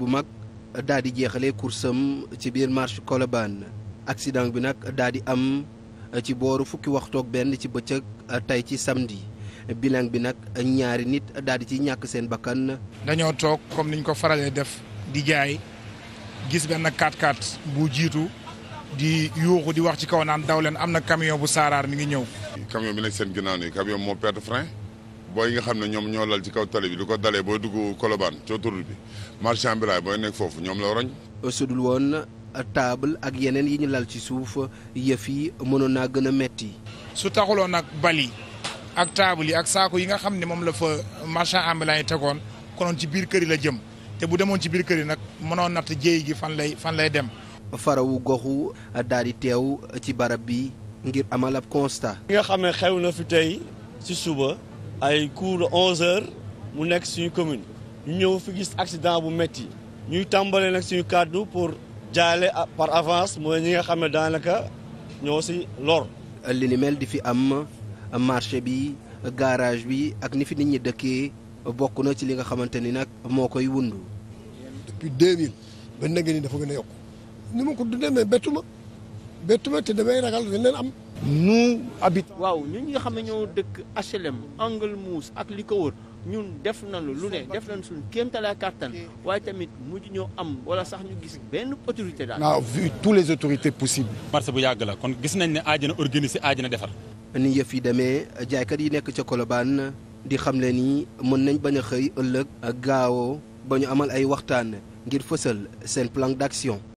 bu mag daal di jeexalee kursam ci biir marché Colobane accident bi nag daal di am ci booru fukki waxtoog benn ci bëccëg tey ci samedi bilan bi nag ñaari nit daal di ci ñàkk seen bakkan. dañoo toog comme niñ ko faralee def di jaay gis benn 4 x bu jiitu di yuuxu di wax ci kaw naan daw leen am na camion bu saaraar mi ngi ñëw. camion bi nekk seen ginnaaw nii camion moo perte frein. booy nga xam ne ñoom ñoo lal ci kaw tali bi du ko dalee boo dugg Colobane ci autoroute bi marchand bi booy nekk foofu ñoom la roñ. sudul woon table ak yeneen yi ñu lal ci suuf yëf yi mënoon naa gën a metti. su taxuloon nag bali ak table yi ak saako yi nga xam ne moom la fa marchand ambulant yi tegoon konoon ci biir kër yi la jëm te bu demoon ci biir kër yi nag mënoon natt jéey gi fan lay fan lay dem. farawu goxu daal di teew ci barab bi ngir amal ab constat. li nga xam ne xew na fi tey suba. ay cours de 11 mu nekk suñu commune ñu ñëw fi gis accident bu métti ñuy tàmbale nag suñu kàddu pour jaale par avance mooy ñi nga xam ne daanaka ñoo si lor. li ni mel di fi am marché bi garage bi ak ni fi nit ñi dëkkee bokk na ci li nga xamante ni nag moo koy wundu. depuis 2000 ba nag ni dafa gën a yokk ni ma ko dundee mais bettu ma te damay ragal dinañ am. nous habitons. waaw ñun ñi nga xam ne ñoo dëkk HLM Angle Mousse ak li ko wër ñun def nañu lu ne def nañu suñu kéemtalaay kàttan waaye tamit mujj ñoo am wala sax ñu gis benn autorité daal. on a vu tous les autorités possibles. marché bu yàgg la kon gis nañ ne aajana organiser aajana defar. ni yëf yi demee jaaykat yi nekk ca kolobaan di xam le ni mën nañ bañ a xëy ëllëg gaawoo ba ñu amal ay waxtaan ngir fësal seen plan d'action.